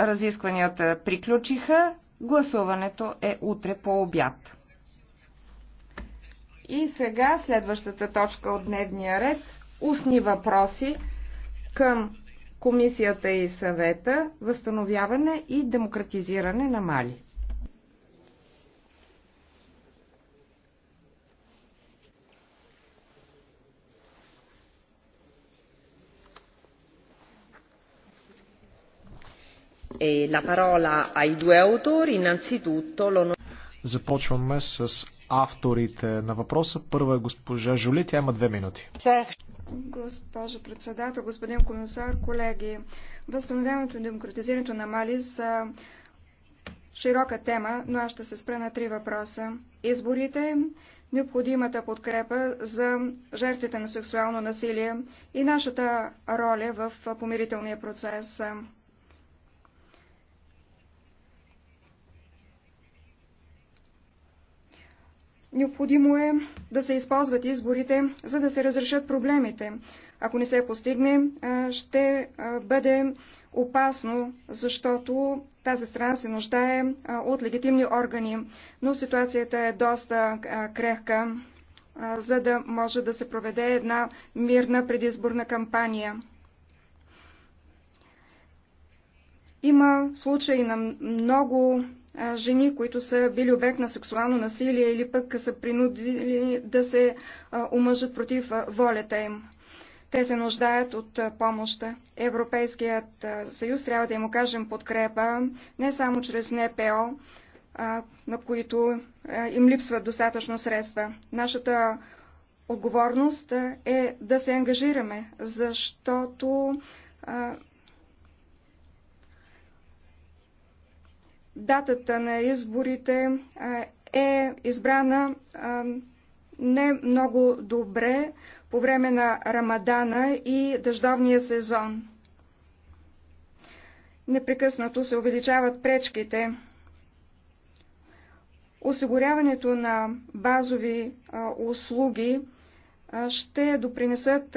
Разискванията приключиха. Гласуването е утре по обяд. И сега следващата точка от дневния ред – устни въпроси към Комисията и съвета – възстановяване и демократизиране на Мали. E Започваме с авторите на въпроса. Първа е госпожа Жули, тя има две минути. Госпожа председател, господин комисар, колеги, възстановяването и демократизирането на Мали са широка тема, но аз ще се спра на три въпроса. Изборите, необходимата подкрепа за жертвите на сексуално насилие и нашата роля в помирителния процес. Необходимо е да се използват изборите, за да се разрешат проблемите. Ако не се постигне, ще бъде опасно, защото тази страна се нуждае от легитимни органи. Но ситуацията е доста крехка, за да може да се проведе една мирна предизборна кампания. Има случаи на много жени, които са били обект на сексуално насилие или пък са принудили да се омъжат против волята им. Те се нуждаят от помощ. Европейският съюз трябва да им окажем подкрепа не само чрез НПО, на които им липсват достатъчно средства. Нашата отговорност е да се ангажираме, защото датата на изборите е избрана не много добре по време на Рамадана и дъждовния сезон. Непрекъснато се увеличават пречките. Осигуряването на базови услуги ще допринесат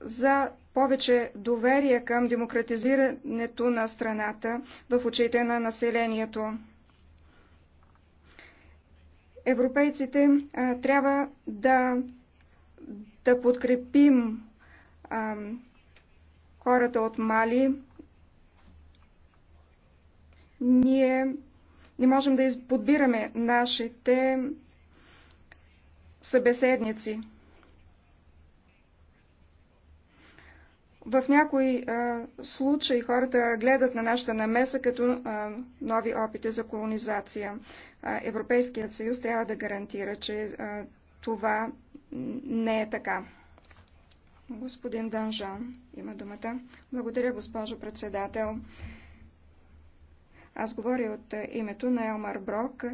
за повече доверие към демократизирането на страната в очите на населението. Европейците а, трябва да, да подкрепим а, хората от Мали. Ние не можем да подбираме нашите събеседници. В някои а, случаи хората гледат на нашата намеса като а, нови опити за колонизация. А, Европейският съюз трябва да гарантира, че а, това не е така. Господин Данжан има думата. Благодаря, госпожо председател. Аз говоря от името на Елмар Брок,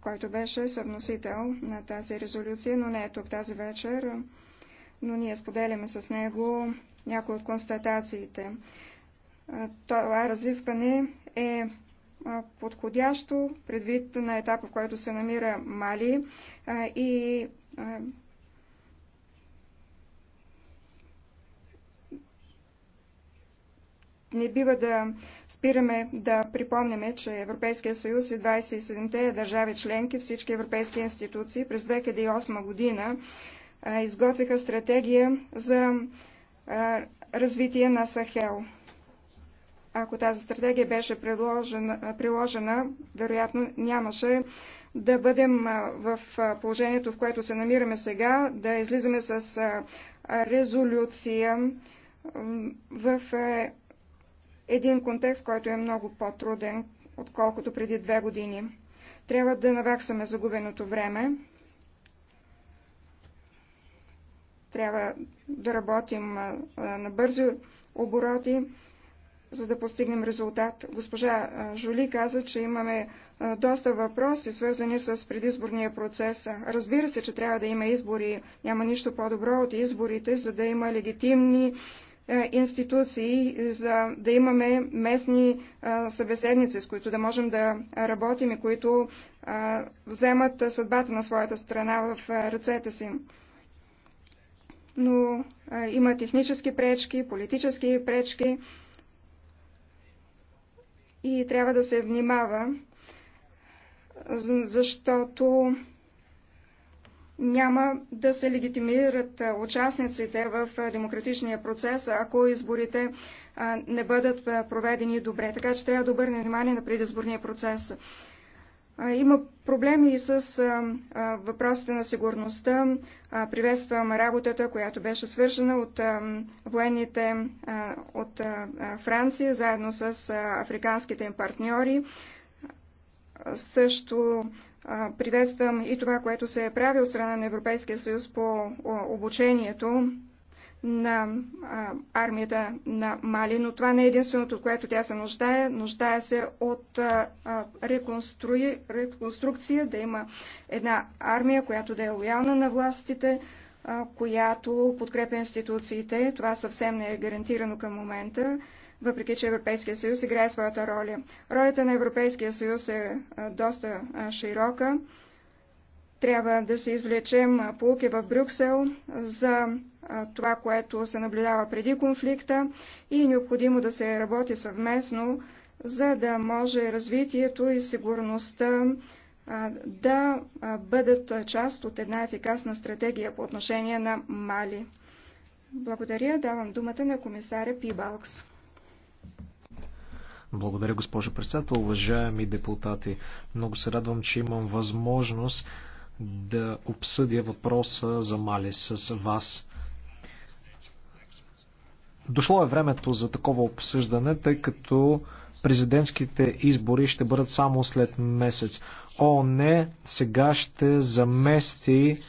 който беше съвносител на тази резолюция, но не е тук тази вечер но ние споделяме с него някои от констатациите. Това разискване е подходящо предвид на етапа, в който се намира Мали и не бива да спираме да припомняме, че Европейския съюз и 27-те държави членки, всички европейски институции през 2008 година изготвиха стратегия за развитие на Сахел. Ако тази стратегия беше приложена, приложена вероятно нямаше да бъдем в положението, в което се намираме сега, да излизаме с резолюция в един контекст, който е много по-труден, отколкото преди две години. Трябва да наваксаме загубеното време. Трябва да работим на бързи обороти, за да постигнем резултат. Госпожа Жули каза, че имаме доста въпроси, свързани с предизборния процес. Разбира се, че трябва да има избори. Няма нищо по-добро от изборите, за да има легитимни институции, за да имаме местни събеседници, с които да можем да работим и които вземат съдбата на своята страна в ръцете си но а, има технически пречки, политически пречки и трябва да се внимава, защото няма да се легитимират участниците в демократичния процес, ако изборите не бъдат проведени добре. Така че трябва да обърнем внимание на предизборния процес. Има проблеми и с въпросите на сигурността. Приветствам работата, която беше свършена от военните от Франция, заедно с африканските им партньори. Също приветствам и това, което се е правил страна на Европейския съюз по обучението на армията на Мали, но това не е единственото, което тя се нуждае. Нуждае се от реконструи, реконструкция, да има една армия, която да е лоялна на властите, която подкрепя институциите. Това съвсем не е гарантирано към момента, въпреки че Европейския съюз играе своята роля. Ролята на Европейския съюз е доста широка. Трябва да се извлечем полуки в Брюксел за това, което се наблюдава преди конфликта и е необходимо да се работи съвместно, за да може развитието и сигурността да бъдат част от една ефикасна стратегия по отношение на Мали. Благодаря. Давам думата на комисаря Пибалкс. Благодаря, госпожо председател. Уважаеми депутати, много се радвам, че имам възможност да обсъдя въпроса за Мали с вас. Дошло е времето за такова обсъждане, тъй като президентските избори ще бъдат само след месец. не, сега ще замести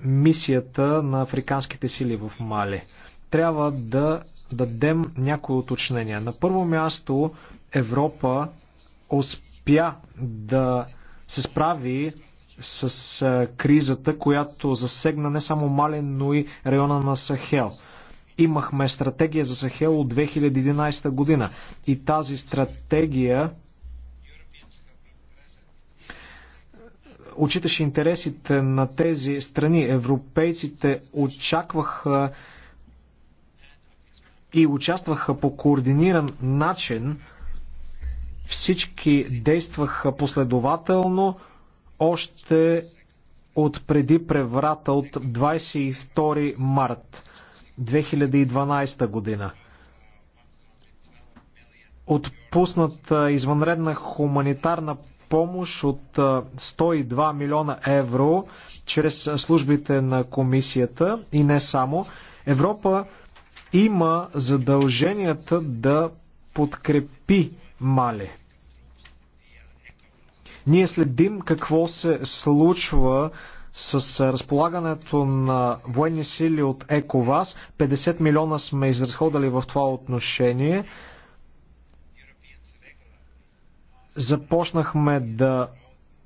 мисията на африканските сили в Мали. Трябва да дадем някои уточнения. На първо място Европа успя да се справи с а, кризата, която засегна не само Мален, но и района на Сахел. Имахме стратегия за Сахел от 2011 година и тази стратегия отчиташе интересите на тези страни. Европейците очакваха и участваха по координиран начин. Всички действаха последователно още от преди преврата от 22 март 2012 година. Отпусната извънредна хуманитарна помощ от 102 милиона евро чрез службите на комисията и не само. Европа има задълженията да подкрепи Мали. Ние следим какво се случва с разполагането на военни сили от ЕКОВАС. 50 милиона сме изразходали в това отношение. Започнахме да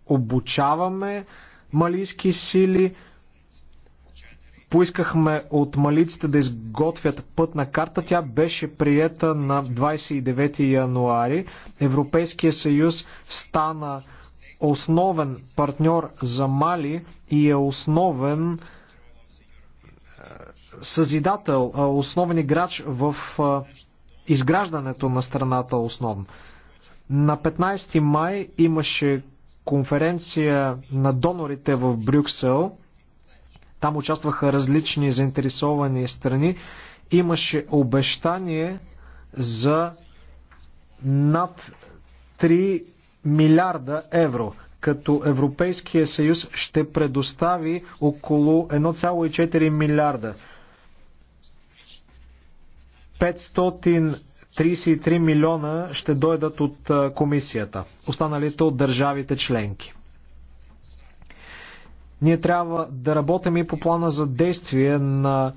обучаваме малийски сили. Поискахме от малиците да изготвят пътна карта. Тя беше приета на 29 януари. Европейския съюз стана основен партньор за Мали и е основен е, съзидател, е, основен играч в е, изграждането на страната основно. На 15 май имаше конференция на донорите в Брюксел. Там участваха различни заинтересовани страни. Имаше обещание за над 3 милиарда евро, като Европейския съюз ще предостави около 1,4 милиарда. 533 милиона ще дойдат от комисията, останалите от държавите членки. Ние трябва да работим и по плана за действие на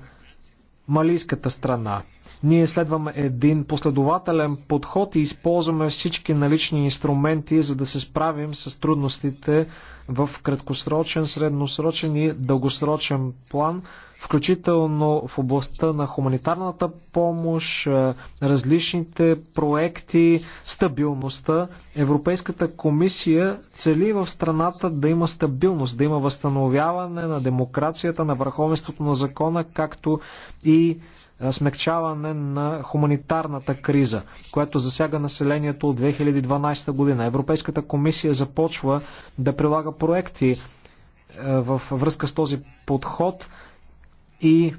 малийската страна. Ние следваме един последователен подход и използваме всички налични инструменти, за да се справим с трудностите в краткосрочен, средносрочен и дългосрочен план, включително в областта на хуманитарната помощ, е, различните проекти, стабилността. Европейската комисия цели в страната да има стабилност, да има възстановяване на демокрацията, на върховенството на закона, както и смягчаване на хуманитарната криза, която засяга населението от 2012 година. Европейската комисия започва да прилага проекти в връзка с този подход и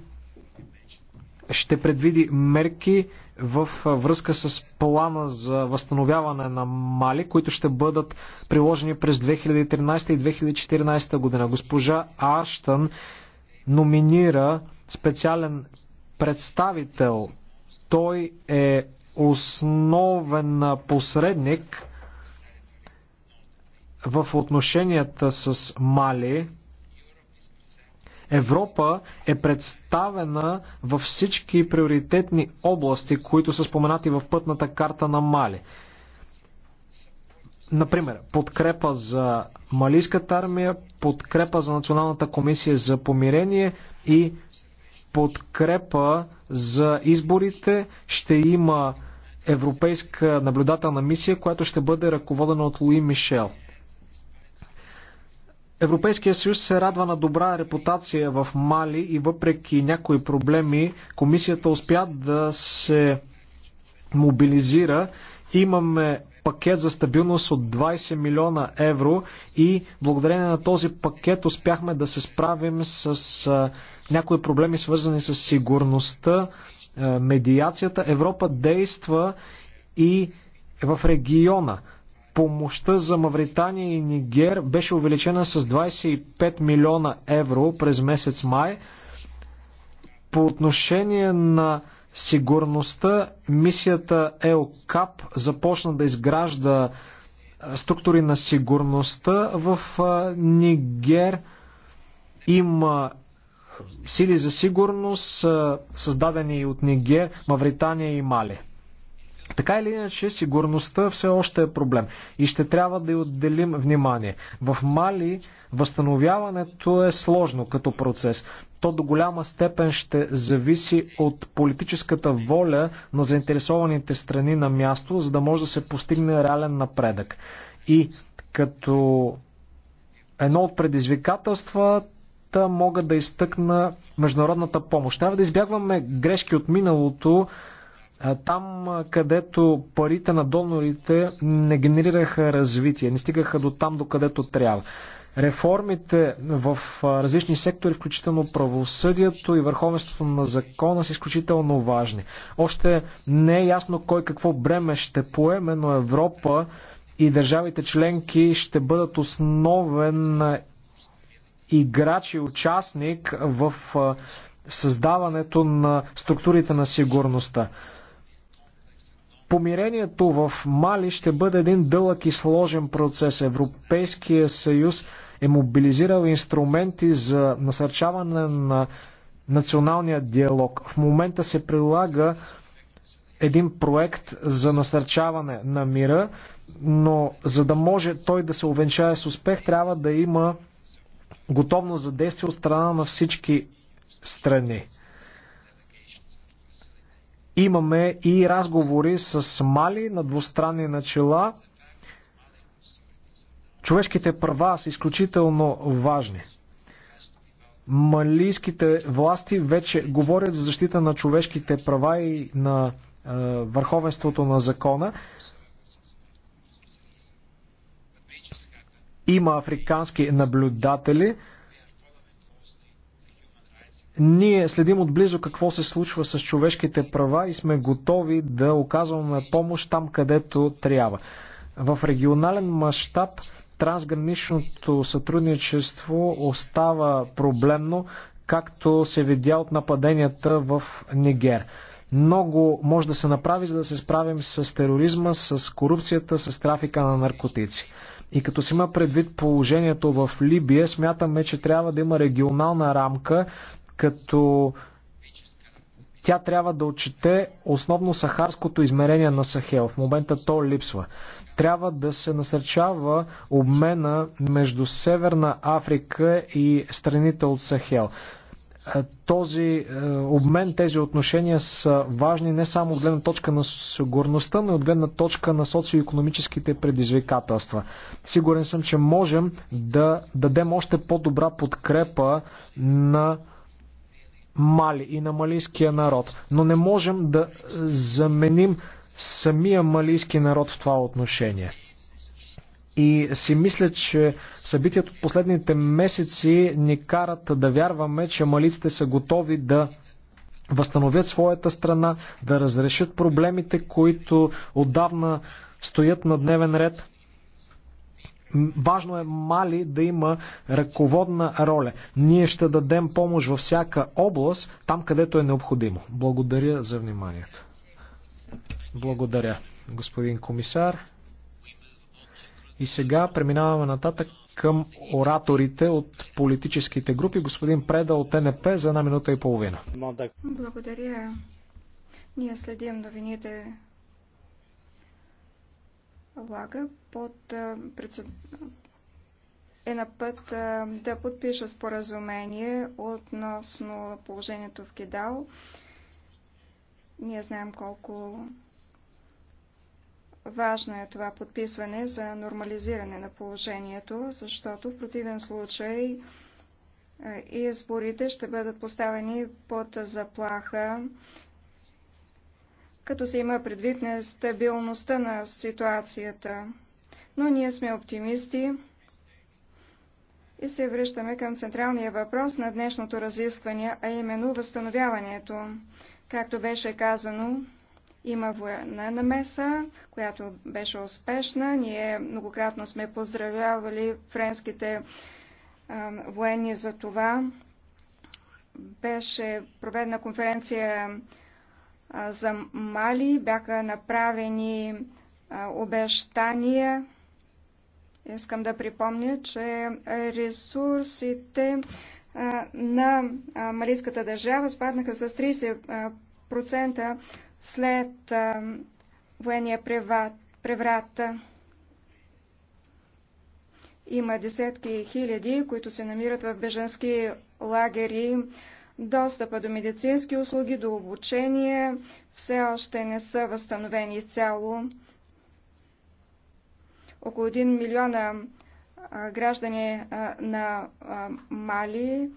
ще предвиди мерки в връзка с плана за възстановяване на Мали, които ще бъдат приложени през 2013 и 2014 година. Госпожа Аштън номинира специален представител. Той е основен посредник в отношенията с Мали. Европа е представена във всички приоритетни области, които са споменати в пътната карта на Мали. Например, подкрепа за Малийската армия, подкрепа за Националната комисия за помирение и подкрепа за изборите. Ще има европейска наблюдателна мисия, която ще бъде ръководена от Луи Мишел. Европейския съюз се радва на добра репутация в Мали и въпреки някои проблеми, комисията успя да се мобилизира. Имаме пакет за стабилност от 20 милиона евро и благодарение на този пакет успяхме да се справим с някои проблеми свързани с сигурността, медиацията. Европа действа и в региона. Помощта за Мавритания и Нигер беше увеличена с 25 милиона евро през месец май. По отношение на сигурността, мисията ЕОКАП започна да изгражда структури на сигурността в Нигер. Има сили за сигурност, създадени от Нигер, Мавритания и Мали. Така или иначе, сигурността все още е проблем и ще трябва да й отделим внимание. В Мали възстановяването е сложно като процес. То до голяма степен ще зависи от политическата воля на заинтересованите страни на място, за да може да се постигне реален напредък. И като едно от предизвикателства могат да изтъкна международната помощ. Трябва да избягваме грешки от миналото, там, където парите на донорите не генерираха развитие, не стигаха до там, до където трябва. Реформите в различни сектори, включително правосъдието и върховенството на закона, са изключително важни. Още не е ясно кой какво бреме ще поеме, но Европа и държавите членки ще бъдат основен играч и участник в създаването на структурите на сигурността. Помирението в Мали ще бъде един дълъг и сложен процес. Европейския съюз е мобилизирал инструменти за насърчаване на националния диалог. В момента се прилага един проект за насърчаване на мира, но за да може той да се увенчае с успех, трябва да има готовност за действие от страна на всички страни. Имаме и разговори с Мали на двустранни начала. Човешките права са изключително важни. Малийските власти вече говорят за защита на човешките права и на е, върховенството на закона. Има африкански наблюдатели, ние следим отблизо какво се случва с човешките права и сме готови да оказваме помощ там, където трябва. В регионален мащаб трансграничното сътрудничество остава проблемно, както се видя от нападенията в Нигер. Много може да се направи, за да се справим с тероризма, с корупцията, с трафика на наркотици. И като си има предвид положението в Либия, смятаме, че трябва да има регионална рамка, като тя трябва да отчете основно сахарското измерение на Сахел. В момента то липсва. Трябва да се насърчава обмена между Северна Африка и страните от Сахел. Е, този е, обмен, тези отношения са важни не само от гледна точка на сигурността, но и от гледна точка на социо-економическите предизвикателства. Сигурен съм, че можем да дадем още по-добра подкрепа на Мали и на малийския народ. Но не можем да заменим самия малийски народ в това отношение. И си мисля, че събитието от последните месеци ни карат да вярваме, че малиците са готови да възстановят своята страна, да разрешат проблемите, които отдавна стоят на дневен ред. Важно е Мали да има ръководна роля. Ние ще дадем помощ във всяка област, там където е необходимо. Благодаря за вниманието. Благодаря, господин комисар. И сега преминаваме нататък към ораторите от политическите групи. Господин Преда от НП за една минута и половина. Благодаря. Ние следим новините влага под, е на път да подпиша споразумение относно положението в Кидал. Ние знаем колко важно е това подписване за нормализиране на положението, защото в противен случай изборите ще бъдат поставени под заплаха като се има предвид на стабилността на ситуацията. Но ние сме оптимисти и се връщаме към централния въпрос на днешното разискване, а именно възстановяването. Както беше казано, има военна намеса, която беше успешна. Ние многократно сме поздравявали френските военни за това. Беше проведена конференция за Мали бяха направени обещания. Искам да припомня, че ресурсите на малийската държава спаднаха с 30% след военния преврат. Има десетки хиляди, които се намират в беженски лагери. Достъпа до медицински услуги, до обучение все още не са възстановени изцяло. Около 1 милиона граждани на Мали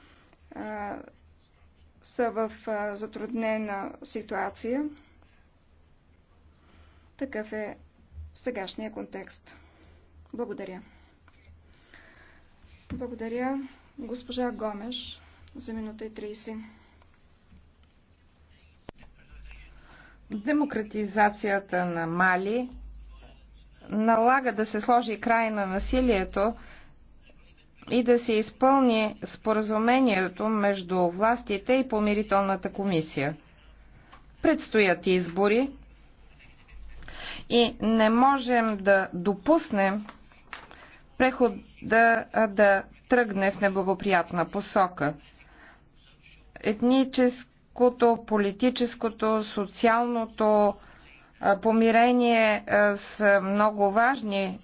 са в затруднена ситуация. Такъв е сегашния контекст. Благодаря. Благодаря, госпожа Гомеш за минута и 30. Демократизацията на Мали налага да се сложи край на насилието и да се изпълни споразумението между властите и помирителната комисия. Предстоят избори и не можем да допуснем да, да тръгне в неблагоприятна посока етническото, политическото, социалното помирение са много важни,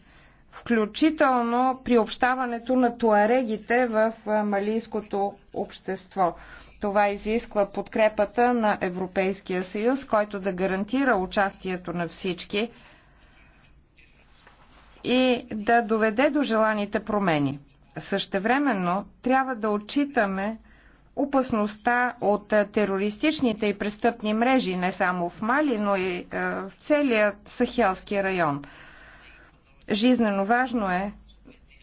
включително приобщаването на туарегите в малийското общество. Това изисква подкрепата на Европейския съюз, който да гарантира участието на всички и да доведе до желаните промени. Същевременно трябва да отчитаме опасността от терористичните и престъпни мрежи не само в Мали, но и в целия Сахелски район. Жизнено важно е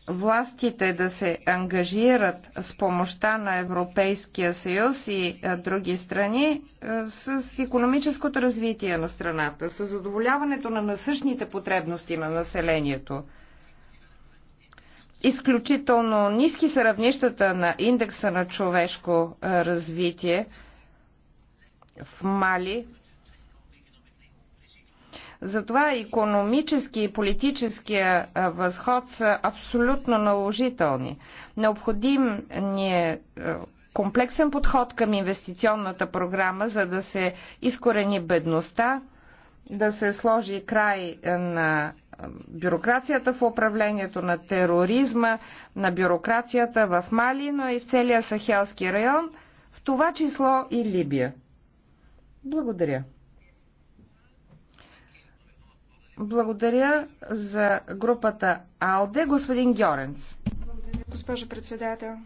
властите да се ангажират с помощта на Европейския съюз и други страни с економическото развитие на страната, с задоволяването на насъщните потребности на населението. Изключително ниски са равнищата на индекса на човешко развитие в Мали. Затова економически и политическия възход са абсолютно наложителни. Необходим ни е комплексен подход към инвестиционната програма, за да се изкорени бедността, да се сложи край на бюрокрацията в управлението, на тероризма, на бюрокрацията в Мали, но и в целия Сахелски район, в това число и Либия. Благодаря. Благодаря за групата АЛДЕ, господин Гьоренц. Благодаря, госпожо председател.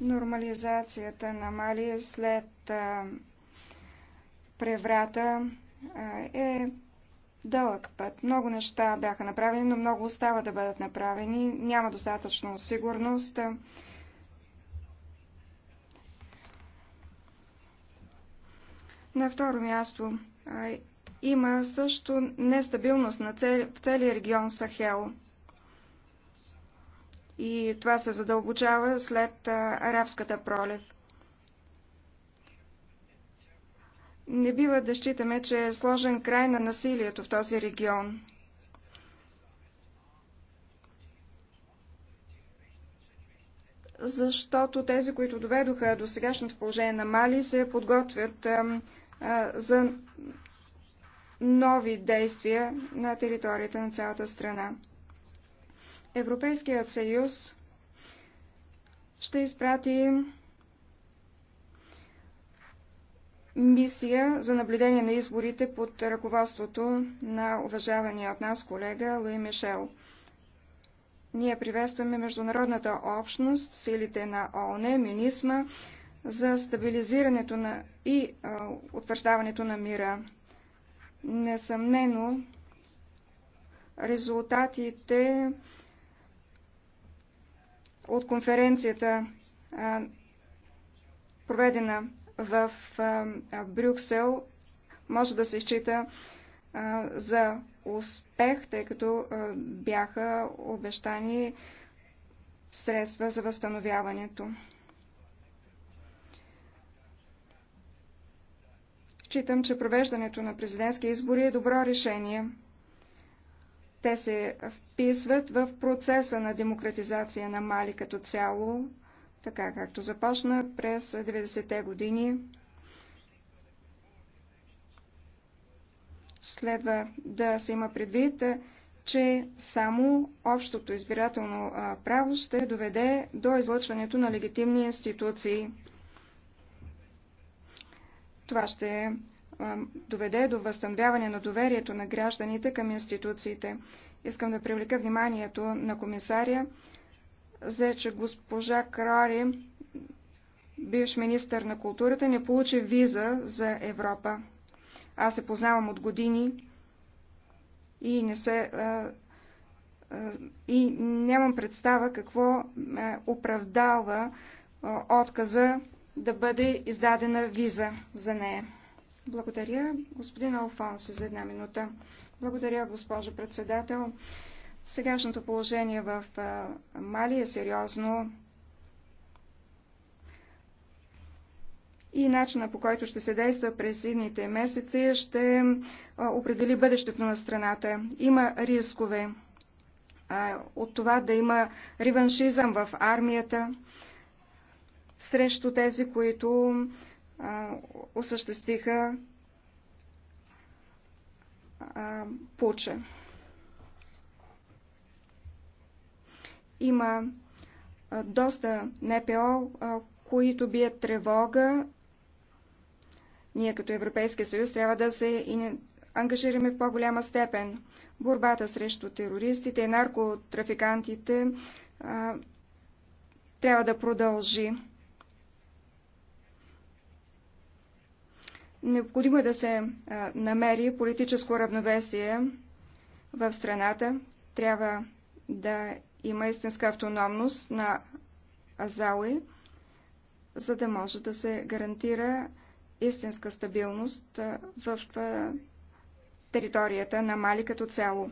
Нормализацията на Мали след преврата е дълъг път. Много неща бяха направени, но много остава да бъдат направени. Няма достатъчно сигурност. На второ място има също нестабилност на цел, в целия регион Сахел. И това се задълбочава след арабската пролив. Не бива да считаме, че е сложен край на насилието в този регион. Защото тези, които доведоха до сегашното положение на Мали, се подготвят а, а, за нови действия на територията на цялата страна. Европейският съюз ще изпрати мисия за наблюдение на изборите под ръководството на уважавания от нас колега Луи Мишел. Ние приветстваме международната общност, силите на ООН, Минисма, за стабилизирането на и а, утвърждаването на мира. Несъмнено, резултатите от конференцията, а, проведена в Брюксел може да се счита за успех, тъй като бяха обещани средства за възстановяването. Считам, че провеждането на президентски избори е добро решение. Те се вписват в процеса на демократизация на Мали като цяло, така както започна през 90-те години. Следва да се има предвид, че само общото избирателно право ще доведе до излъчването на легитимни институции. Това ще доведе до възстановяване на доверието на гражданите към институциите. Искам да привлека вниманието на комисаря взе, че госпожа Крари, бивш министър на културата, не получи виза за Европа. Аз се познавам от години и не се и нямам представа какво ме оправдава отказа да бъде издадена виза за нея. Благодаря, господин Алфонси, за една минута. Благодаря, госпожо председател. Сегашното положение в Мали е сериозно и начина по който ще се действа през едните месеци ще определи бъдещето на страната. Има рискове от това да има реваншизъм в армията срещу тези, които осъществиха пуча. Има доста НПО, които бият тревога. Ние като Европейския съюз трябва да се ангажираме в по-голяма степен. Борбата срещу терористите и наркотрафикантите трябва да продължи. Необходимо е да се а, намери политическо равновесие в страната. Трябва да има истинска автономност на Азауи, за да може да се гарантира истинска стабилност в територията на Мали като цяло.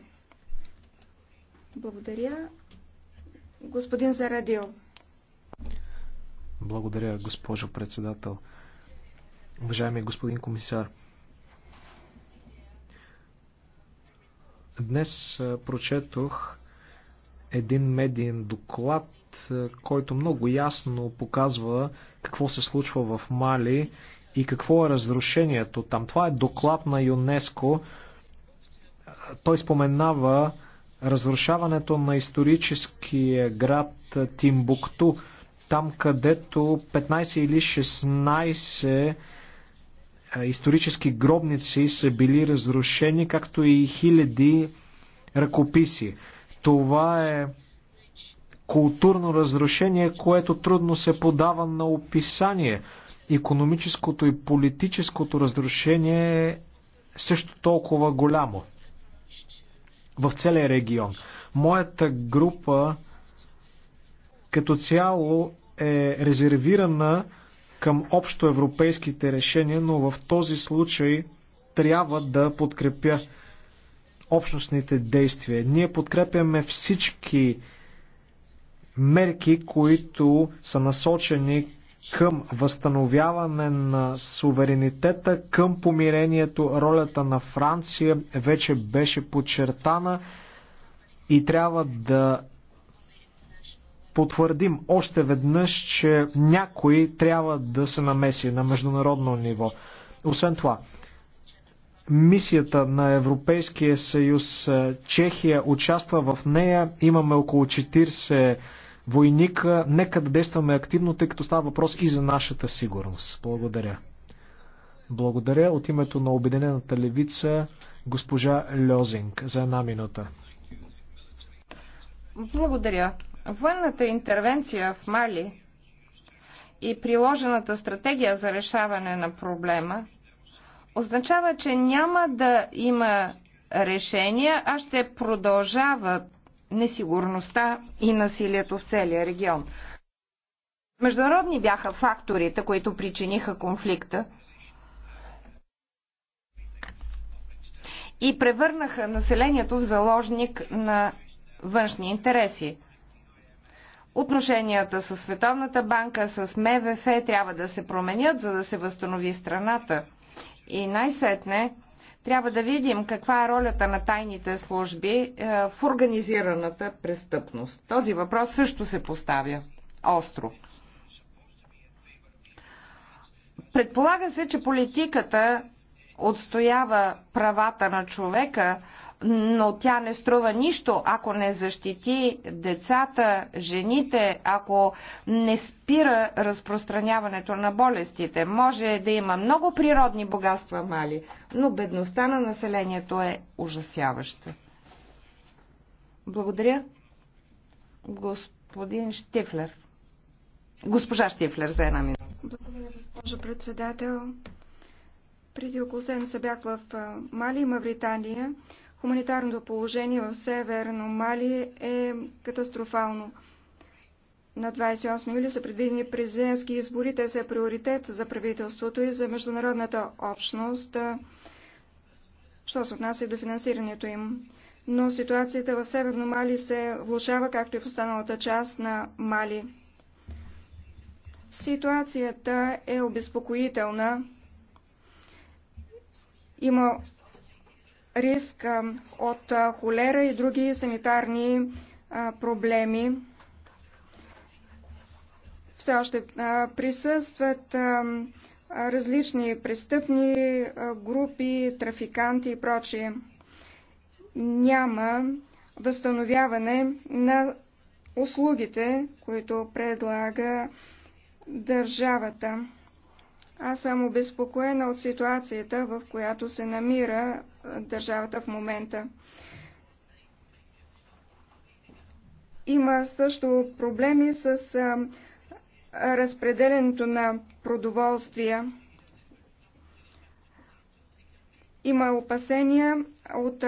Благодаря. Господин Зарадил. Благодаря, госпожо председател. Уважаеми господин комисар, днес прочетох един медиен доклад, който много ясно показва какво се случва в Мали и какво е разрушението там. Това е доклад на ЮНЕСКО. Той споменава разрушаването на историческия град Тимбукту, там където 15 или 16 исторически гробници са били разрушени, както и хиляди ръкописи. Това е културно разрушение, което трудно се подава на описание. Економическото и политическото разрушение е също толкова голямо в целия регион. Моята група като цяло е резервирана към общоевропейските решения, но в този случай трябва да подкрепя общностните действия. Ние подкрепяме всички мерки, които са насочени към възстановяване на суверенитета, към помирението, ролята на Франция вече беше подчертана и трябва да потвърдим още веднъж, че някой трябва да се намеси на международно ниво. Освен това, мисията на Европейския съюз. Е, Чехия участва в нея. Имаме около 40 войника. Нека да действаме активно, тъй като става въпрос и за нашата сигурност. Благодаря. Благодаря от името на Обединената левица госпожа Льозинг за една минута. Благодаря. Военната интервенция в Мали и приложената стратегия за решаване на проблема – означава, че няма да има решения, а ще продължават несигурността и насилието в целия регион. Международни бяха факторите, които причиниха конфликта и превърнаха населението в заложник на външни интереси. Отношенията с Световната банка, с МВФ трябва да се променят, за да се възстанови страната. И най-сетне трябва да видим каква е ролята на тайните служби е, в организираната престъпност. Този въпрос също се поставя остро. Предполага се, че политиката отстоява правата на човека, но тя не струва нищо, ако не защити децата, жените, ако не спира разпространяването на болестите. Може да има много природни богатства, Мали, но бедността на населението е ужасяваща. Благодаря. Господин Штифлер. Госпожа Штифлер, за една минута. Благодаря, госпожо председател. Преди около седмица бях в Мали и Мавритания Хуманитарното положение в Северно Мали е катастрофално. На 28 юли са предвидени президентски избори. Те са приоритет за правителството и за международната общност, що се отнася до финансирането им. Но ситуацията в Северно Мали се влушава, както и в останалата част на Мали. Ситуацията е обезпокоителна. Има риск от холера и други санитарни проблеми. Все още присъстват различни престъпни групи, трафиканти и прочие. Няма възстановяване на услугите, които предлага държавата. Аз съм обезпокоена от ситуацията, в която се намира държавата в момента. Има също проблеми с разпределенето на продоволствия. Има опасения от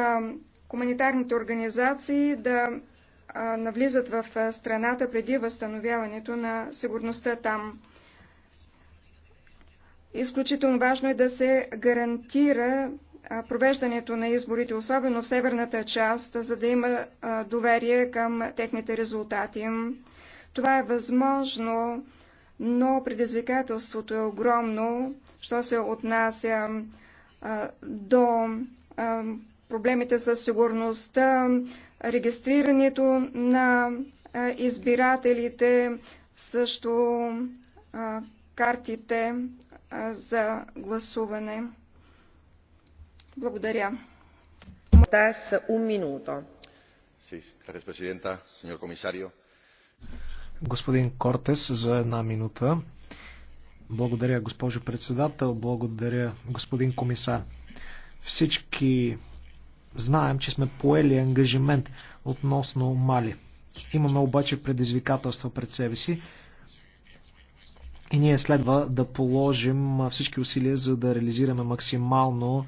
хуманитарните организации да навлизат в страната преди възстановяването на сигурността там. Изключително важно е да се гарантира провеждането на изборите, особено в северната част, за да има доверие към техните резултати. Това е възможно, но предизвикателството е огромно, що се отнася до проблемите с сигурността, регистрирането на избирателите, също картите за гласуване. Благодаря. Господин Кортес за една минута. Благодаря, госпожо председател. Благодаря, господин комисар. Всички знаем, че сме поели ангажимент относно Мали. Имаме обаче предизвикателства пред себе си и ние следва да положим всички усилия, за да реализираме максимално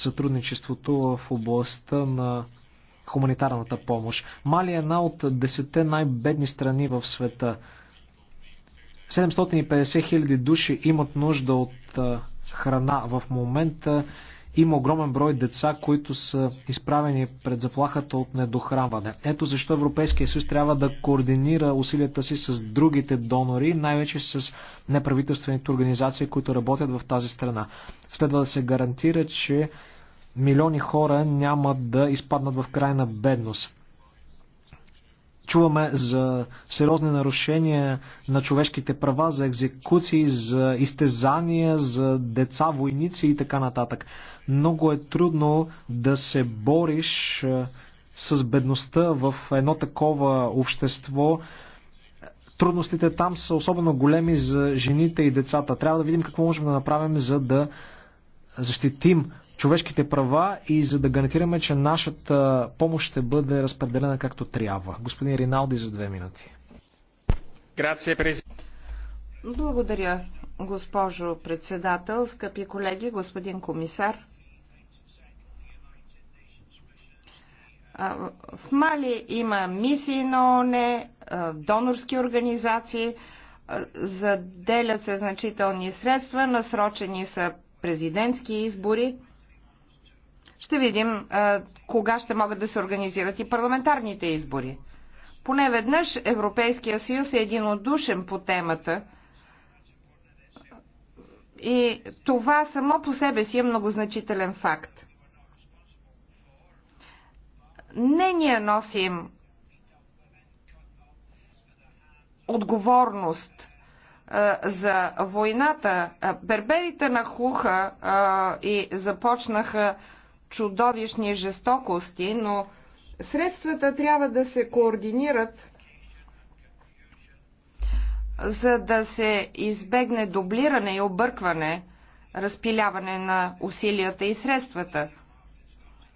сътрудничеството в областта на хуманитарната помощ. Мали е една от десете най-бедни страни в света. 750 хиляди души имат нужда от храна в момента. Има огромен брой деца, които са изправени пред заплахата от недохранване. Ето защо Европейския съюз трябва да координира усилията си с другите донори, най-вече с неправителствените организации, които работят в тази страна. Следва да се гарантира, че милиони хора няма да изпаднат в крайна бедност. Чуваме за сериозни нарушения на човешките права, за екзекуции, за изтезания, за деца, войници и така нататък. Много е трудно да се бориш с бедността в едно такова общество. Трудностите там са особено големи за жените и децата. Трябва да видим какво можем да направим, за да защитим човешките права и за да гарантираме, че нашата помощ ще бъде разпределена както трябва. Господин Риналди за две минути. Благодаря, госпожо председател, скъпи колеги, господин комисар. В Мали има мисии на ОНЕ, донорски организации, заделят се значителни средства, насрочени са президентски избори. Ще видим а, кога ще могат да се организират и парламентарните избори. Поне веднъж Европейския съюз е единодушен по темата и това само по себе си е многозначителен факт. Не ние носим отговорност за войната. Берберите нахлуха и започнаха чудовищни жестокости, но средствата трябва да се координират, за да се избегне дублиране и объркване, разпиляване на усилията и средствата.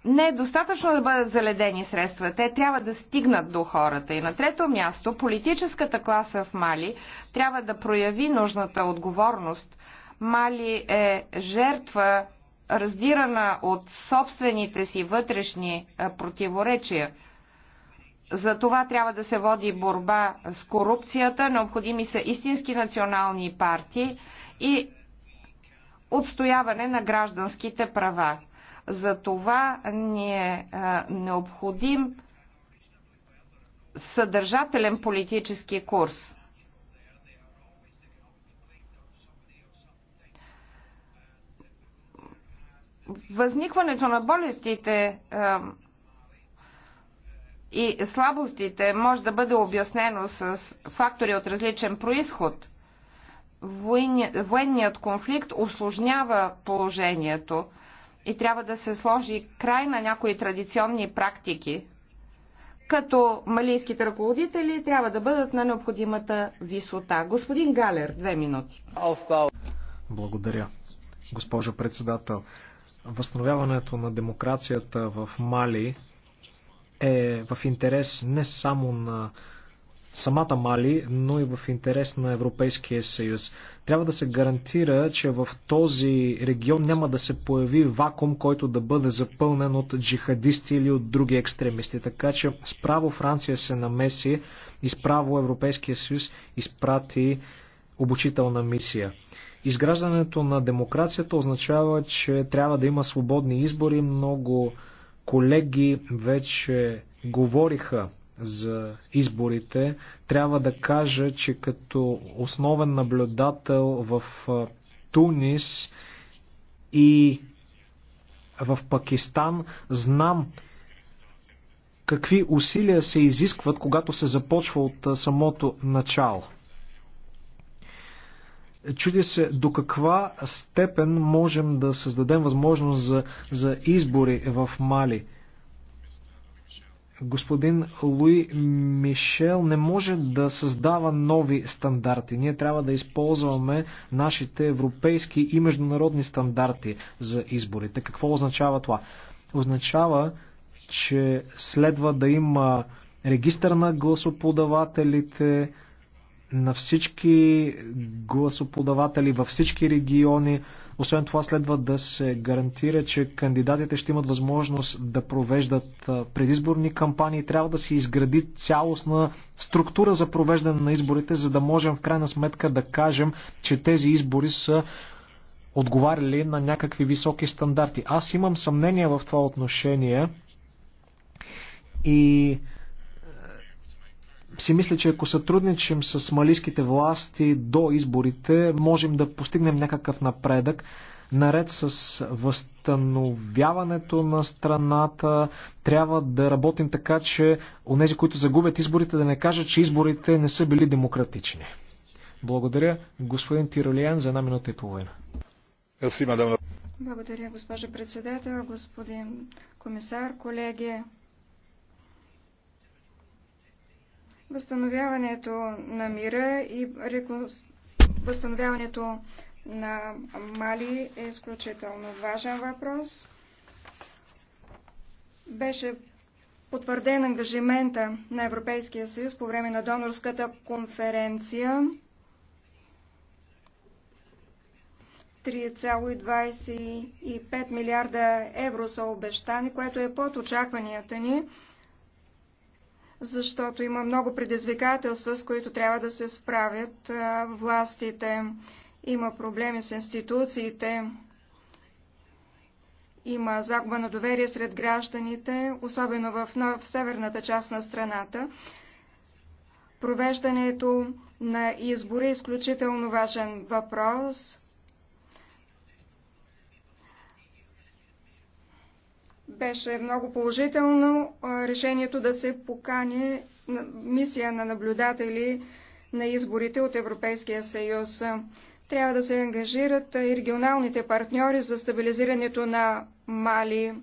Не е достатъчно да бъдат заледени средства, те трябва да стигнат до хората. И на трето място, политическата класа в Мали трябва да прояви нужната отговорност. Мали е жертва раздирана от собствените си вътрешни противоречия. За това трябва да се води борба с корупцията, необходими са истински национални партии и отстояване на гражданските права. За това ни е необходим съдържателен политически курс. възникването на болестите и слабостите може да бъде обяснено с фактори от различен происход. Военният конфликт осложнява положението и трябва да се сложи край на някои традиционни практики, като малийските ръководители трябва да бъдат на необходимата висота. Господин Галер, две минути. Благодаря, госпожо председател възстановяването на демокрацията в Мали е в интерес не само на самата Мали, но и в интерес на Европейския съюз. Трябва да се гарантира, че в този регион няма да се появи вакуум, който да бъде запълнен от джихадисти или от други екстремисти. Така че справо Франция се намеси и справо Европейския съюз изпрати обучителна мисия. Изграждането на демокрацията означава, че трябва да има свободни избори. Много колеги вече говориха за изборите. Трябва да кажа, че като основен наблюдател в Тунис и в Пакистан знам какви усилия се изискват, когато се започва от самото начало. Чуди се до каква степен можем да създадем възможност за, за избори в Мали. Господин Луи Мишел не може да създава нови стандарти. Ние трябва да използваме нашите европейски и международни стандарти за изборите. Какво означава това? Означава, че следва да има регистър на гласоподавателите, на всички гласоподаватели във всички региони. Освен това следва да се гарантира, че кандидатите ще имат възможност да провеждат предизборни кампании. Трябва да се изгради цялостна структура за провеждане на изборите, за да можем в крайна сметка да кажем, че тези избори са отговаряли на някакви високи стандарти. Аз имам съмнение в това отношение и си мисля, че ако сътрудничим с малийските власти до изборите, можем да постигнем някакъв напредък. Наред с възстановяването на страната, трябва да работим така, че онези, които загубят изборите, да не кажат, че изборите не са били демократични. Благодаря, господин Тиролиан, за една минута и половина. Благодаря, госпожа председател, господин комисар, колеги. Възстановяването на мира и възстановяването на Мали е изключително важен въпрос. Беше потвърден ангажимента на Европейския съюз по време на донорската конференция 3,25 милиарда евро са обещани, което е под очакванията ни защото има много предизвикателства, с които трябва да се справят властите. Има проблеми с институциите, има загуба на доверие сред гражданите, особено в, в северната част на страната. Провеждането на избори е изключително важен въпрос. Беше много положително решението да се покани мисия на наблюдатели на изборите от Европейския съюз. Трябва да се ангажират и регионалните партньори за стабилизирането на Мали.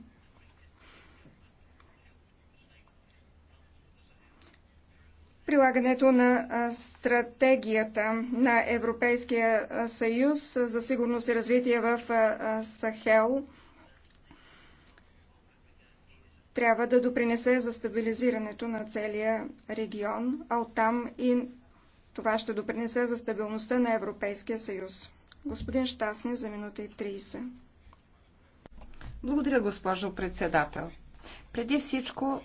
прилагането на стратегията на Европейския съюз за сигурност и развитие в Сахел трябва да допринесе за стабилизирането на целия регион, а оттам и това ще допринесе за стабилността на Европейския съюз. Господин Штасни, за минута и 30. Благодаря, госпожо председател. Преди всичко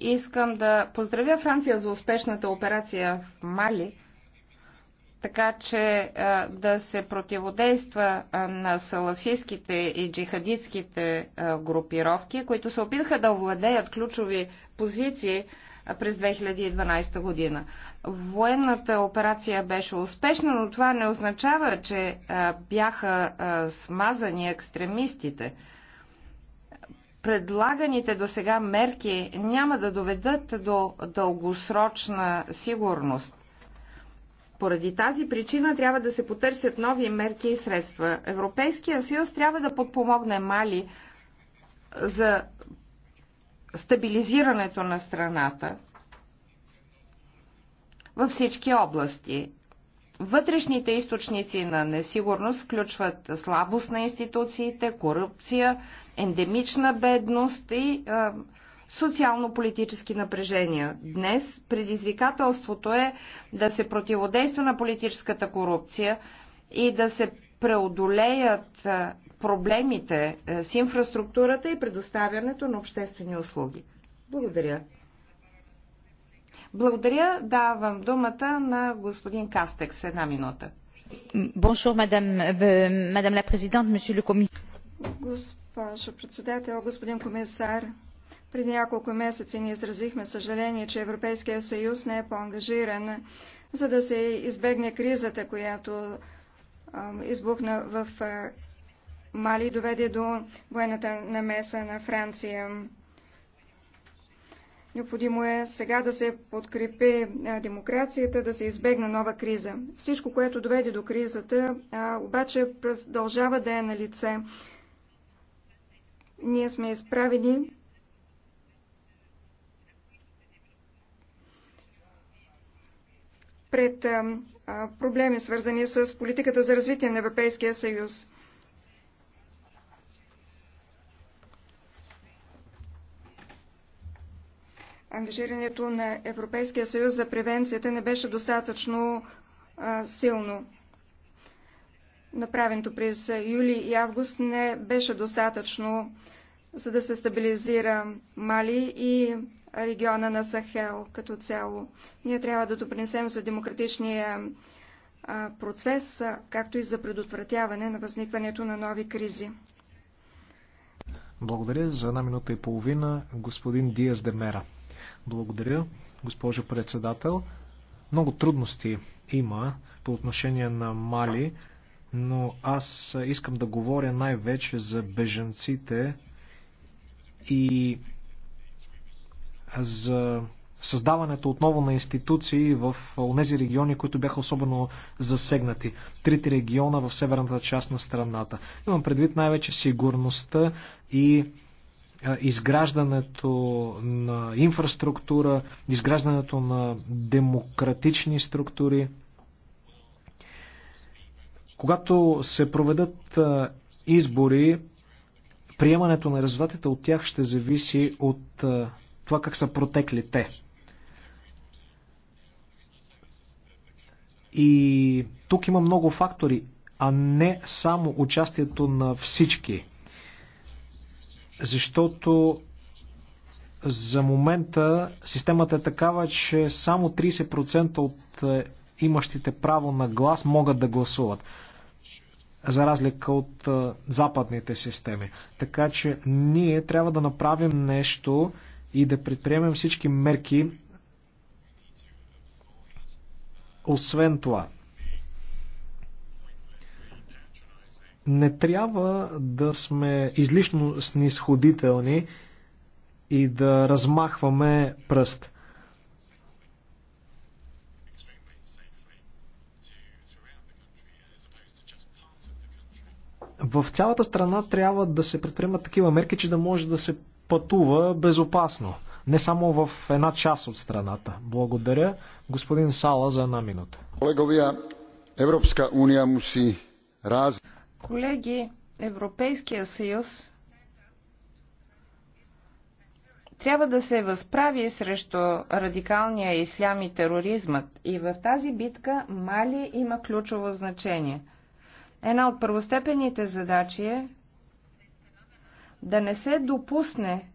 искам да поздравя Франция за успешната операция в Мали – така че е, да се противодейства е, на салафистските и джихадитските е, групировки, които се опитаха да овладеят ключови позиции през 2012 година. Военната операция беше успешна, но това не означава, че бяха смазани екстремистите. Предлаганите до сега мерки няма да доведат до дългосрочна сигурност поради тази причина трябва да се потърсят нови мерки и средства. Европейския съюз трябва да подпомогне Мали за стабилизирането на страната във всички области. Вътрешните източници на несигурност включват слабост на институциите, корупция, ендемична бедност и социално-политически напрежения. Днес предизвикателството е да се противодейства на политическата корупция и да се преодолеят проблемите е, с инфраструктурата и предоставянето на обществени услуги. Благодаря. Благодаря. Давам думата на господин Кастекс. Една минута. Bonjour, madame, euh, madame la présidente, monsieur le commissaire. Госпожо председател, господин комисар, преди няколко месеци ние изразихме съжаление, че Европейския съюз не е по-ангажиран, за да се избегне кризата, която избухна в Мали и доведе до военната намеса на Франция. Необходимо е сега да се подкрепи демокрацията, да се избегне нова криза. Всичко, което доведе до кризата, обаче продължава да е на лице. Ние сме изправени пред проблеми, свързани с политиката за развитие на Европейския съюз. Ангажирането на Европейския съюз за превенцията не беше достатъчно силно. Направеното през юли и август не беше достатъчно за да се стабилизира Мали и региона на Сахел като цяло. Ние трябва да допринесем за демократичния процес, както и за предотвратяване на възникването на нови кризи. Благодаря за една минута и половина, господин Диас Демера. Благодаря, госпожо председател. Много трудности има по отношение на Мали, но аз искам да говоря най-вече за беженците, и за създаването отново на институции в тези региони, които бяха особено засегнати. Трите региона в северната част на страната. Имам предвид най-вече сигурността и изграждането на инфраструктура, изграждането на демократични структури. Когато се проведат избори, приемането на резултатите от тях ще зависи от това как са протекли те. И тук има много фактори, а не само участието на всички. Защото за момента системата е такава, че само 30% от имащите право на глас могат да гласуват за разлика от западните системи. Така че ние трябва да направим нещо и да предприемем всички мерки. Освен това, не трябва да сме излишно снисходителни и да размахваме пръст. В цялата страна трябва да се предприемат такива мерки, че да може да се пътува безопасно. Не само в една част от страната. Благодаря господин Сала за една минута. Колеговия, Европейска уния муси раз... Колеги, Европейския съюз трябва да се възправи срещу радикалния ислям и тероризмът. И в тази битка Мали има ключово значение – Една от първостепенните задачи е да не се допусне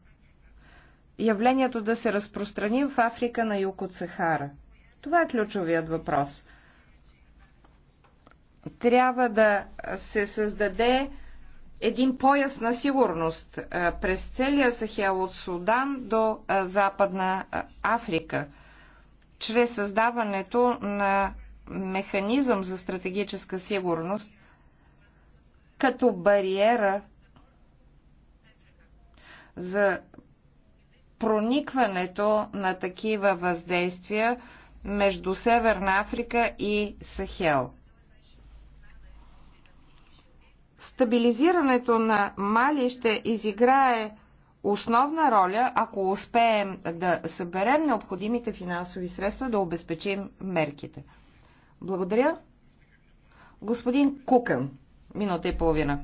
явлението да се разпространи в Африка на юг от Сахара. Това е ключовият въпрос. Трябва да се създаде един пояс на сигурност през целия Сахел от Судан до Западна Африка, чрез създаването на механизъм за стратегическа сигурност – като бариера за проникването на такива въздействия между Северна Африка и Сахел. Стабилизирането на Мали ще изиграе основна роля, ако успеем да съберем необходимите финансови средства да обезпечим мерките. Благодаря. Господин Кукън минута и половина.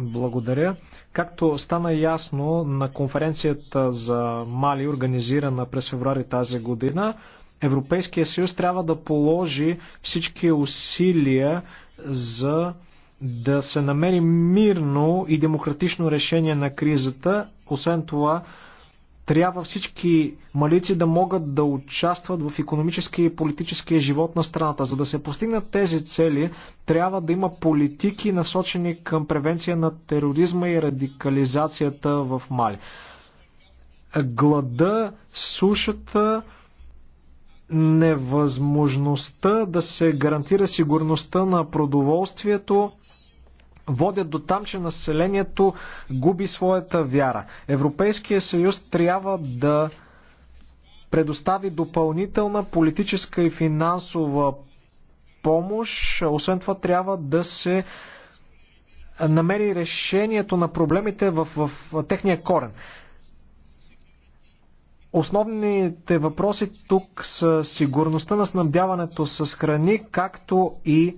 Благодаря. Както стана ясно на конференцията за Мали, организирана през феврари тази година, Европейския съюз трябва да положи всички усилия за да се намери мирно и демократично решение на кризата. Освен това, трябва всички малици да могат да участват в економическия и политическия живот на страната. За да се постигнат тези цели, трябва да има политики насочени към превенция на тероризма и радикализацията в Мали. Глада, сушата, невъзможността да се гарантира сигурността на продоволствието, водят до там, че населението губи своята вяра. Европейския съюз трябва да предостави допълнителна политическа и финансова помощ. Освен това трябва да се намери решението на проблемите в, в, в техния корен. Основните въпроси тук са сигурността на снабдяването с храни, както и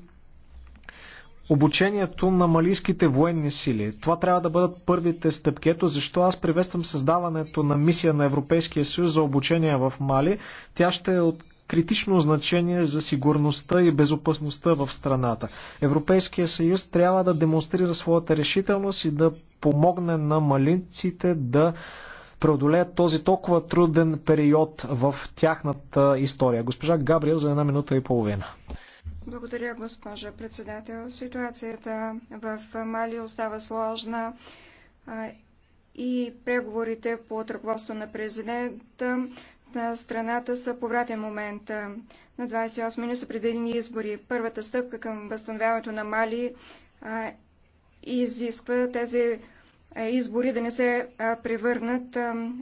обучението на малийските военни сили. Това трябва да бъдат първите стъпки. Ето защо аз приветствам създаването на мисия на Европейския съюз за обучение в Мали. Тя ще е от критично значение за сигурността и безопасността в страната. Европейския съюз трябва да демонстрира своята решителност и да помогне на малинците да преодолеят този толкова труден период в тяхната история. Госпожа Габриел за една минута и половина. Благодаря, госпожа председател. Ситуацията в Мали остава сложна и преговорите по ръководство на президента на страната са повратен момент. На 28 не са предвидени избори. Първата стъпка към възстановяването на Мали изисква тези избори да не се превърнат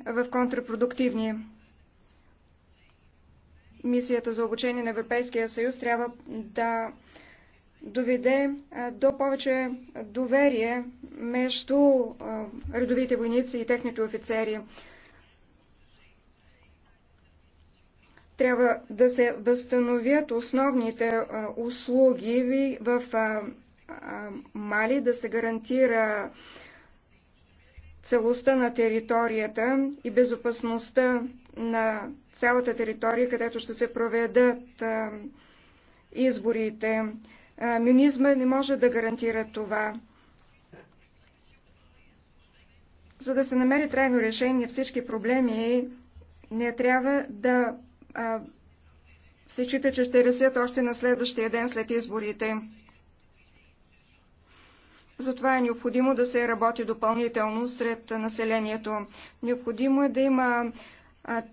в контрапродуктивни мисията за обучение на Европейския съюз трябва да доведе до повече доверие между редовите войници и техните офицери. Трябва да се възстановят основните услуги в Мали, да се гарантира целостта на територията и безопасността на цялата територия, където ще се проведат а, изборите. А, минизма не може да гарантира това. За да се намери трайно решение всички проблеми, не трябва да а, се чита, че ще ресят още на следващия ден след изборите. Затова е необходимо да се работи допълнително сред населението. Необходимо е да има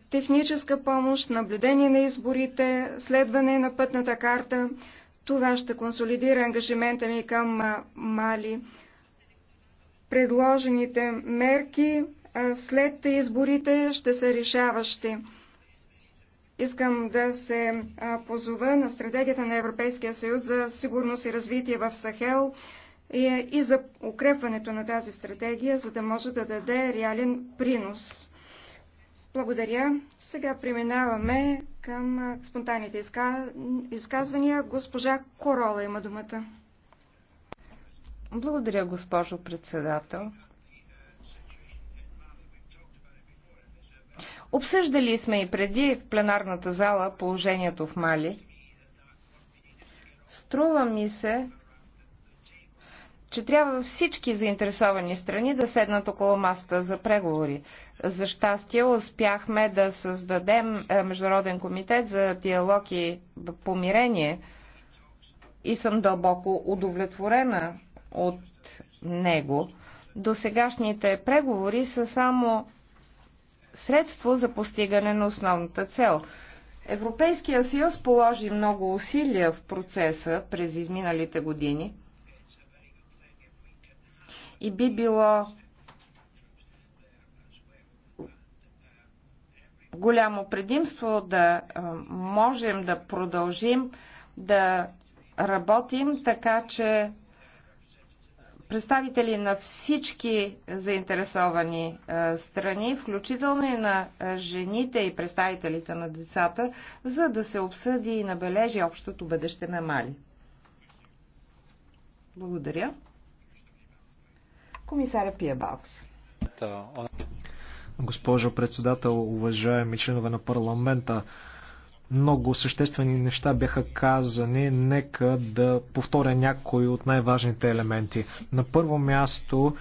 техническа помощ, наблюдение на изборите, следване на пътната карта. Това ще консолидира ангажимента ми към Мали. Предложените мерки след изборите ще са решаващи. Искам да се позова на стратегията на Европейския съюз за сигурност и развитие в Сахел, и, е и за укрепването на тази стратегия, за да може да даде реален принос. Благодаря. Сега преминаваме към спонтанните изказвания. Госпожа Корола има думата. Благодаря, госпожо председател. Обсъждали сме и преди в пленарната зала положението в Мали. Струва ми се, че трябва всички заинтересовани страни да седнат около масата за преговори. За щастие успяхме да създадем е, Международен комитет за диалог и помирение и съм дълбоко удовлетворена от него. До сегашните преговори са само средство за постигане на основната цел. Европейския съюз положи много усилия в процеса през изминалите години – и би било голямо предимство да можем да продължим да работим така, че представители на всички заинтересовани страни, включително и на жените и представителите на децата, за да се обсъди и набележи общото бъдеще на Мали. Благодаря комисаря Пия Балкс. Госпожо председател, уважаеми членове на парламента, много съществени неща бяха казани. Нека да повторя някои от най-важните елементи. На първо място,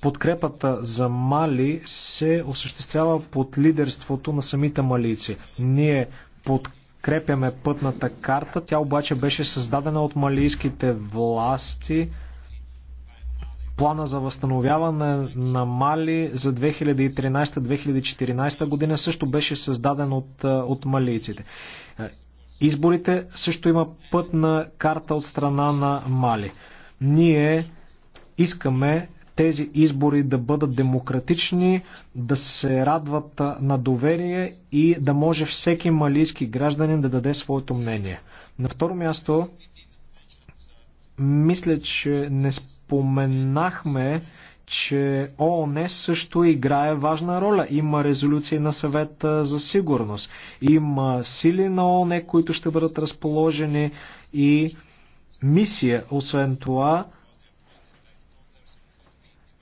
подкрепата за Мали се осъществява под лидерството на самите малийци. Ние подкрепяме пътната карта, тя обаче беше създадена от малийските власти – плана за възстановяване на Мали за 2013-2014 година също беше създаден от, от малийците. Изборите също има пътна карта от страна на Мали. Ние искаме тези избори да бъдат демократични, да се радват на доверие и да може всеки малийски гражданин да даде своето мнение. На второ място мисля, че не споменахме, че ООН също играе важна роля. Има резолюции на съвета за сигурност. Има сили на ООН, които ще бъдат разположени и мисия. Освен това,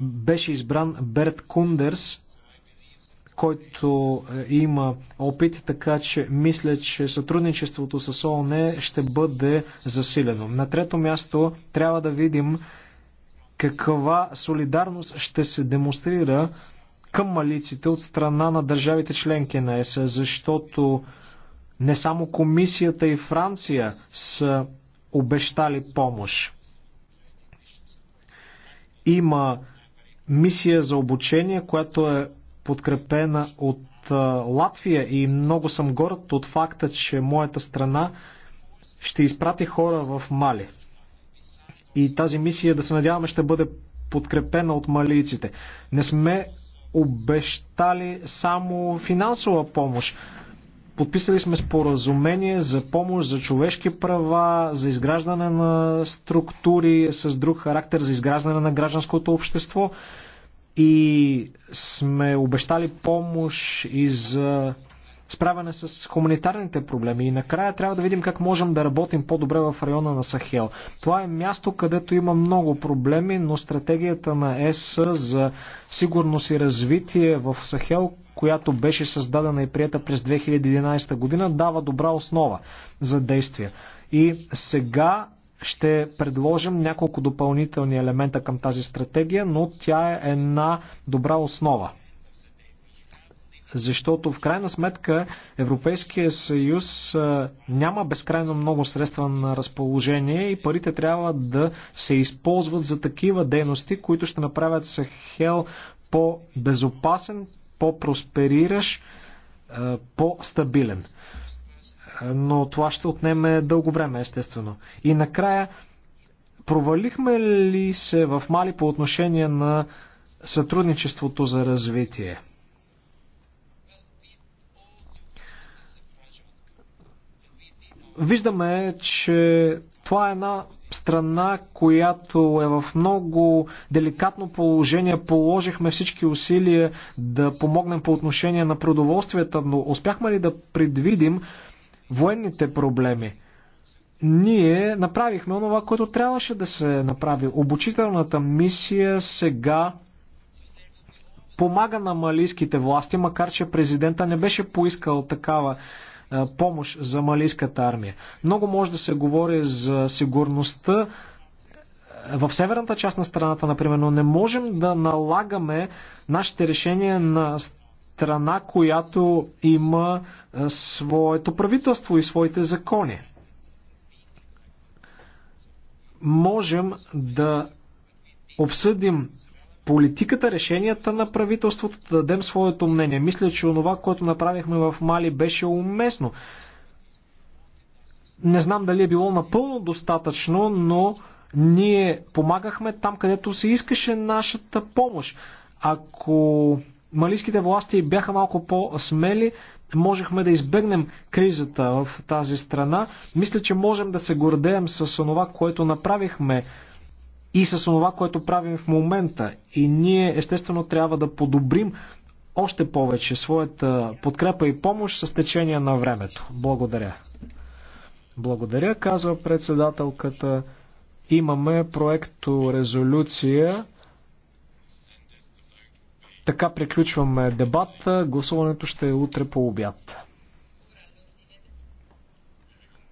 беше избран Берт Кундерс който е, има опит, така че мисля, че сътрудничеството с ООН ще бъде засилено. На трето място трябва да видим каква солидарност ще се демонстрира към малиците от страна на държавите членки на ЕС, защото не само комисията и Франция са обещали помощ. Има мисия за обучение, която е подкрепена от Латвия и много съм горд от факта, че моята страна ще изпрати хора в Мали. И тази мисия, да се надяваме, ще бъде подкрепена от малийците. Не сме обещали само финансова помощ. Подписали сме споразумение за помощ за човешки права, за изграждане на структури с друг характер, за изграждане на гражданското общество и сме обещали помощ и за справяне с хуманитарните проблеми. И накрая трябва да видим как можем да работим по-добре в района на Сахел. Това е място, където има много проблеми, но стратегията на ЕС за сигурност и развитие в Сахел, която беше създадена и прията през 2011 година, дава добра основа за действия. И сега ще предложим няколко допълнителни елемента към тази стратегия, но тя е една добра основа. Защото в крайна сметка Европейския съюз няма безкрайно много средства на разположение и парите трябва да се използват за такива дейности, които ще направят Сахел по-безопасен, по-проспериращ, по-стабилен но това ще отнеме дълго време, естествено. И накрая, провалихме ли се в Мали по отношение на сътрудничеството за развитие? Виждаме, че това е една страна, която е в много деликатно положение. Положихме всички усилия да помогнем по отношение на продоволствията, но успяхме ли да предвидим военните проблеми. Ние направихме онова, което трябваше да се направи. Обучителната мисия сега помага на малийските власти, макар че президента не беше поискал такава помощ за малийската армия. Много може да се говори за сигурността в северната част на страната, например, но не можем да налагаме нашите решения на страна, която има е, своето правителство и своите закони. Можем да обсъдим политиката, решенията на правителството, да дадем своето мнение. Мисля, че онова, което направихме в Мали, беше уместно. Не знам дали е било напълно достатъчно, но ние помагахме там, където се искаше нашата помощ. Ако малийските власти бяха малко по-смели, можехме да избегнем кризата в тази страна. Мисля, че можем да се гордеем с това, което направихме и с това, което правим в момента. И ние, естествено, трябва да подобрим още повече своята подкрепа и помощ с течение на времето. Благодаря. Благодаря, казва председателката. Имаме проекто резолюция така приключваме дебата. Гласуването ще е утре по обяд.